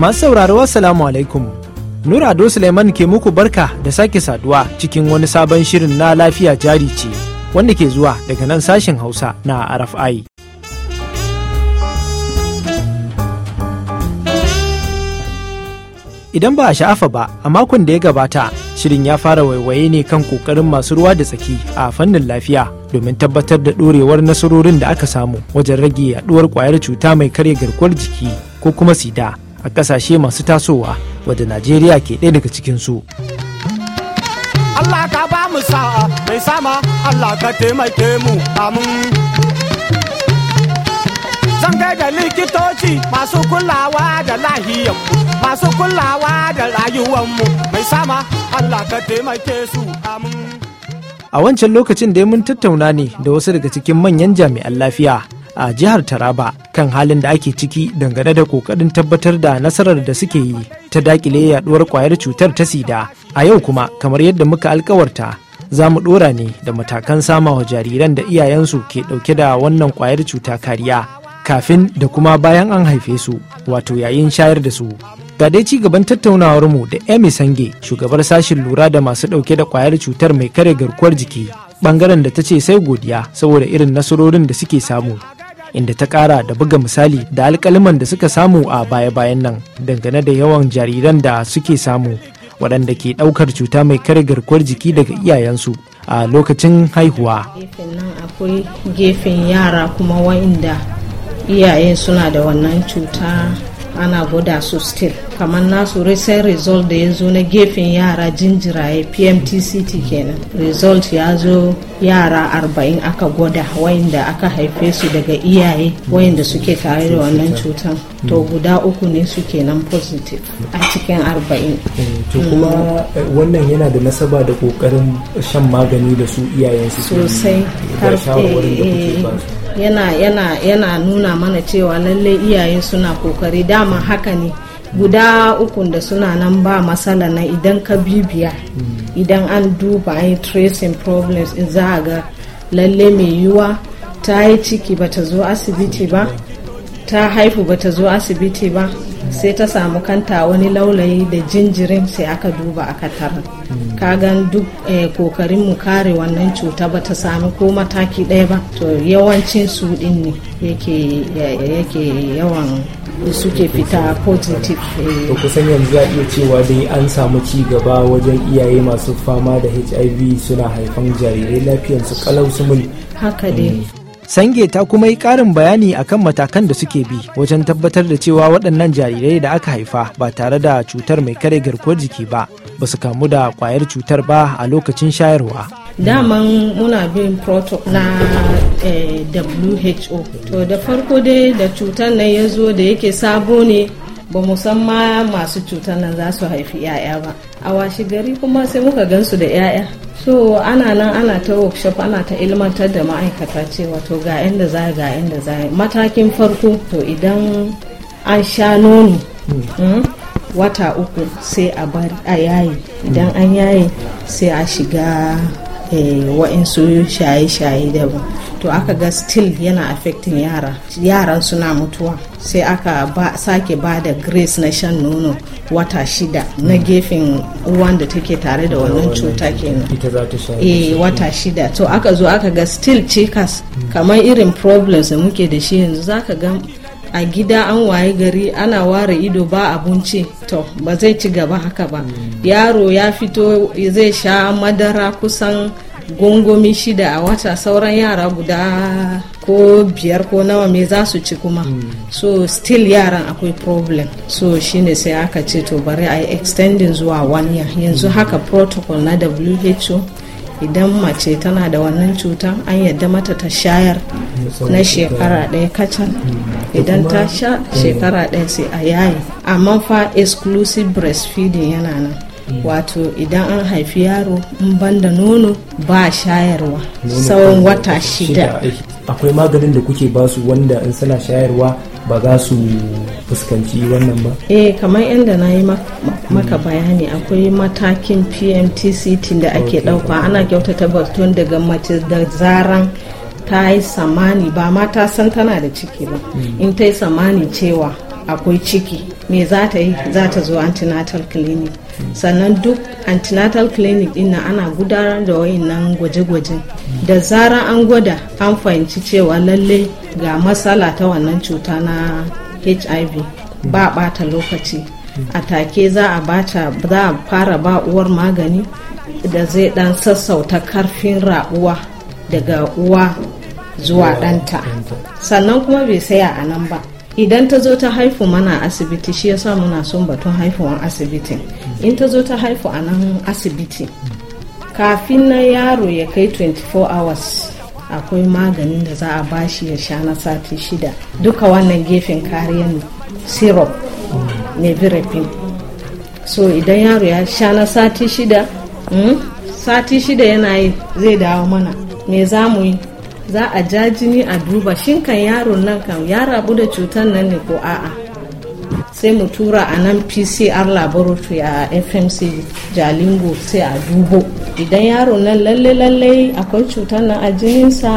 masu sauraro assalamu alaikum nura ado suleiman ke muku barka da sake saduwa cikin wani sabon shirin na lafiya jari ce wanda ke zuwa daga nan sashen hausa na rfi idan ba a sha'afa ba a makon da ya gabata shirin ya fara waiwaye ne kan kokarin masu ruwa da tsaki a fannin lafiya domin tabbatar da ɗorewar nasarorin da aka samu wajen rage yaduwar kwayar cuta mai karya garkuwar jiki ko kuma sida a kasashe masu tasowa wadda najeriya ke ɗaya daga cikinsu allah ka ba mu sa'a mai sama allah ka taimake mu amin zan da likitoci masu kulawa da lahiyar masu kulawa da rayuwanmu mai sama allah ka taimake su amin a wancan lokacin da mun tattauna ne da wasu daga cikin manyan jami'an lafiya a jihar Taraba kan halin da ake ciki dangane da kokarin tabbatar da nasarar da suke yi ta dakile yaduwar kwayar cutar ta sida. A yau kuma kamar yadda muka alkawarta za mu dora ne da matakan sama wa jariran da iyayensu ke dauke da wannan kwayar cuta kariya kafin da kuma bayan an haife su wato yayin shayar da su. Ga dai ci gaban tattaunawar mu da Emi Sange shugabar sashin lura da masu dauke da kwayar cutar mai kare garkuwar jiki bangaren da ta ce sai godiya saboda irin nasarorin da suke samu. inda ta kara da buga misali da alkaliman da suka samu a baya-bayan nan dangane da yawan jariran da suke samu waɗanda ke ɗaukar cuta mai kare garkuwar jiki daga iyayensu a lokacin haihuwa. gefen nan akwai gefen yara kuma wa'inda iyayen suna da wannan cuta ana gwada su still kamar nasu recent result da ya zo na gefen yara jinjiraye pmtct kenan result ya zo yara arba'in aka gwada wayanda aka haife su daga iyaye wayanda suke tare da wannan cutar to guda uku ne suke nan positive a cikin arba'in to kuma eh, wannan yana da nasaba da kokarin shan magani da su iyayensu sosai yana nuna mana cewa lallai iyaye suna kokari dama haka ne guda ukun da suna nan ba matsala na idan ka bibiya idan an duba an tracing problems in za a ga lalle mai yiwuwa ta yi ciki bata zo asibiti ba ta haifu bata zo asibiti ba sai ta samu kanta wani laulayi da jinjirin sai aka duba aka ka kagan duk eh, kokarin mu kare wannan cuta ba ta sami ko mataki ɗaya ba to yawancin su ɗin ne yake yawan da suke fita positive eh. to kusan yanzu za iya cewa dai an samu ci gaba wajen iyaye masu fama da hiv suna haifan jarirai lafiyarsu kalau mun haka dai mm. sange ta kuma yi karin bayani akan matakan da suke bi wajen tabbatar da cewa waɗannan jarirai da aka haifa ba tare da cutar mai kare garkuwar jiki ba ba su kamu da kwayar cutar ba a lokacin shayarwa daman muna bin protocol na eh, who to da farko dai da cutar nan ya zo da yake sabo ne ba musamman masu cutar nan za su haifi 'ya'ya ba a washe gari kuma sai muka gansu da 'ya'ya so ana nan ana ta workshop ana ta ilmantar da ma'aikata cewa to ga da za ga da za matakin farko to idan an sha nono hmm, wata uku sai a bari a yayi idan an yayi sai a shiga Eh, wa'insu shaye-shaye daban to aka ga still yana affecting yara yaran suna mutuwa sai aka sake ba da grace na shan nono wata shida na hmm. gefen uwan da take tare da wannan cuta kenan eh wata shida to aka zo aka ga still cikas hmm. kamar irin problems da muke da shi yanzu zaka ga a gida an waye gari ana ware ido ba abinci to ba zai ci gaba haka ba mm. yaro ya fito zai sha madara kusan gongomi shida a wata sauran yara guda ko biyar ko nawa me za su ci kuma mm. so still yaran akwai problem so shine sai aka ce to bari a yi extending zuwa one yanzu mm. haka protocol na who idan mace tana da wannan cutan an yadda mata ta shayar na shekara ɗaya kacal idan ta sha shekara ɗaya sai a yayi amma fa exclusive breastfeeding yana nan wato idan an haifi yaro in banda nono ba shayarwa tsawon wata shida akwai maganin da kuke su wanda in suna shayarwa ba za su fuskanci wannan ba? eh kamar yadda na yi maka hmm. bayani akwai matakin pmtct da ake ɗauka ana kyautata batun daga mace da zaran ta yi samani ba ma ta san tana da ciki ba hmm. in ta yi samani cewa akwai ciki me za ta yi za ta zo antinatal clinic sannan duk antenatal clinic din ana gudanar da nan gwaje-gwajen da zarar an gwada an fahimci cewa lalle ga matsala ta wannan cuta na hiv ba bata lokaci a take za a bata za a fara ba uwar magani da zai dan sassauta karfin rabuwa daga uwa zuwa ɗanta sannan kuma bai saya a nan ba idan ta zo ta haifu mana asibiti shi yasa muna son batun haifuwan asibiti in ta zo ta haifu a nan asibiti kafin na yaro ya kai 24 hours akwai maganin da za a shi ya sha na sati shida duka wannan gefen kariyan syrup nevirapine so idan yaro ya sha na sati shida hmm, sati shida yana yi zai dawo mana me za mu yi za a ja jini a duba shin kan yaron nan kan ya rabu da cutar nan ne ko a'a sai mu tura a nan pcr laboratory a fmc jalingo sai a dubo idan yaro nan lalle lalle akwai cutar nan a jininsa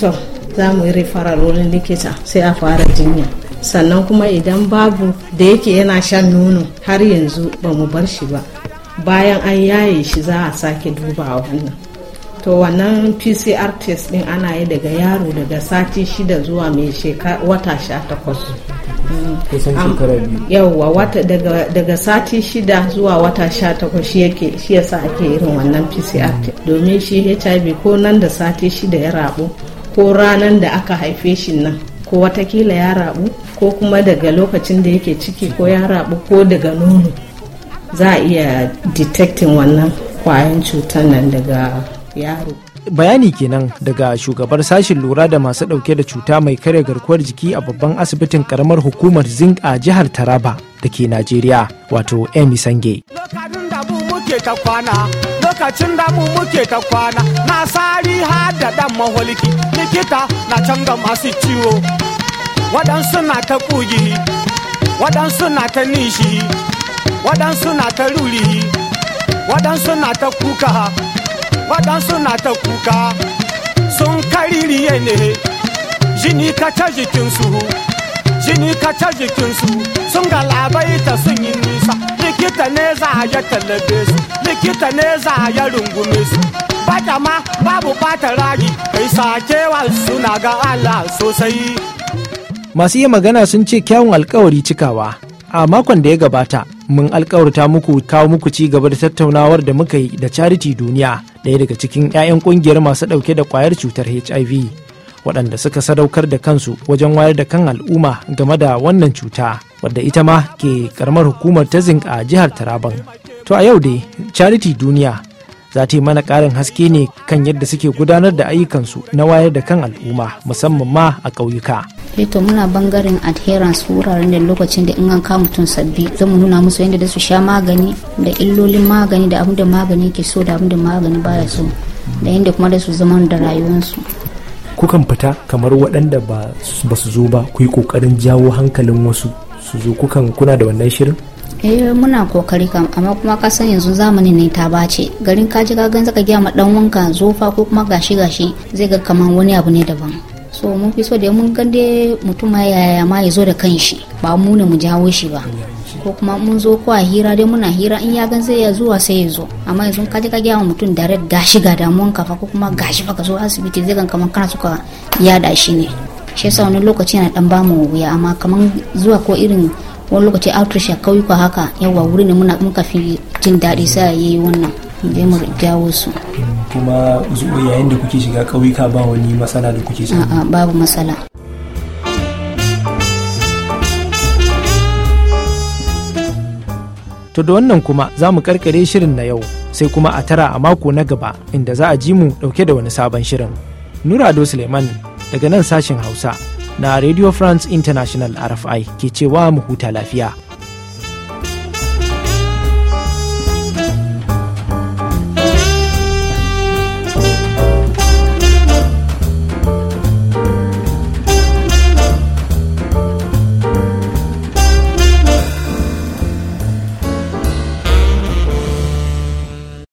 to za mu yi referral wurin likita sai a fara jinya sannan kuma idan babu da yake yana shan nono har yanzu ba mu bar shi ba bayan an yaye shi za a sake dubawa wannan to wannan pcr test din ana yi daga yaro daga sati shida zuwa mai wata sha takwas yauwa wata daga sati shida zuwa wata sha takwas shi ake irin wannan pcr mm. domin shi hiv ko nan da sati shida ya rabu ko ranan da aka haife shi nan ko watakila ya rabu ko kuma daga lokacin da yake ciki ko ya rabu ko daga nono za a iya detecting wannan kwayan cutar nan daga yaro bayani kenan daga shugabar sashin lura da masu dauke da cuta mai karya garkuwar jiki a babban asibitin karamar hukumar zinc a jihar taraba da ke najeriya wato emi sange ta kwana lokacin da mu muke ta kwana na sari har da dan maholiki likita na canza masu ciwo waɗansu na ta ƙugi waɗansu na ta nishi waɗansu na ta ruri waɗansu na ta kuka waɗansu na ta kuka sun kaririye ne jini ka ta jikinsu jini ka ta jikinsu sun ga galabaita sun yi nisa likita ne za ya talabe su likita ne za ya rungume su bata ma babu bata ragi kai sakewa suna ga Allah sosai masu iya magana sun ce kyawun alkawari cikawa a makon da ya gabata mun alkawarta muku kawo muku ci gaba da tattaunawar da muka yi da charity duniya ɗaya daga cikin 'ya'yan ƙungiyar masu ɗauke da ƙwayar cutar hiv waɗanda suka sadaukar da kansu wajen wayar da kan al'umma game da wannan cuta wadda ita ma ke karamar hukumar ta zinc a jihar taraban to a yau dai charity duniya za ta yi mana ƙarin haske ne kan yadda suke gudanar da ayyukansu na wayar da kan al'umma musamman ma a ƙauyuka. Eh to muna bangaren adherence wuraren da lokacin da in an kawo mutum sabbi zan nuna musu yadda da su sha magani da illolin magani da abin da magani ke so da abin da magani baya so da yadda kuma da su zama da rayuwarsu. kukan fita kamar waɗanda ba su zo ba ku yi ƙoƙarin jawo hankalin wasu su zo kukan kuna da wannan shirin e muna kokari kam amma kuma ka san yanzu zamanin ne ta bace garin ka ji gan zaka giya ma dan wanka zofa ko kuma gashi gashi zai ga kaman wani abu ne daban so mun fi so da mun gan dai mutum ma yaya ma ya zo da kanshi ba mu ne mu jawo shi ba ko kuma mun zo ko a hira dai muna hira in ya gan zai ya zuwa sai ya zo amma yanzu ka ji ka ma mutum da gashi ga damuwan fa ko kuma gashi fa ka zo asibiti zai gan kaman kana suka yada shi ne shi yasa wani lokaci yana dan bamu wuya amma kaman zuwa ko irin wani lokaci outreach a kauyuka haka yawa wuri ne muna muka fi jin daɗi sa yi wannan da mu jawo su kuma yayin da kuke shiga kauyuka ba wani matsala da kuke shiga a'a babu matsala To da wannan kuma za mu karkare shirin na yau sai kuma a tara a mako na gaba inda za a ji mu dauke da wani sabon shirin. nura do Suleiman daga nan sashen Hausa na Radio France International RFI ke cewa mu huta lafiya.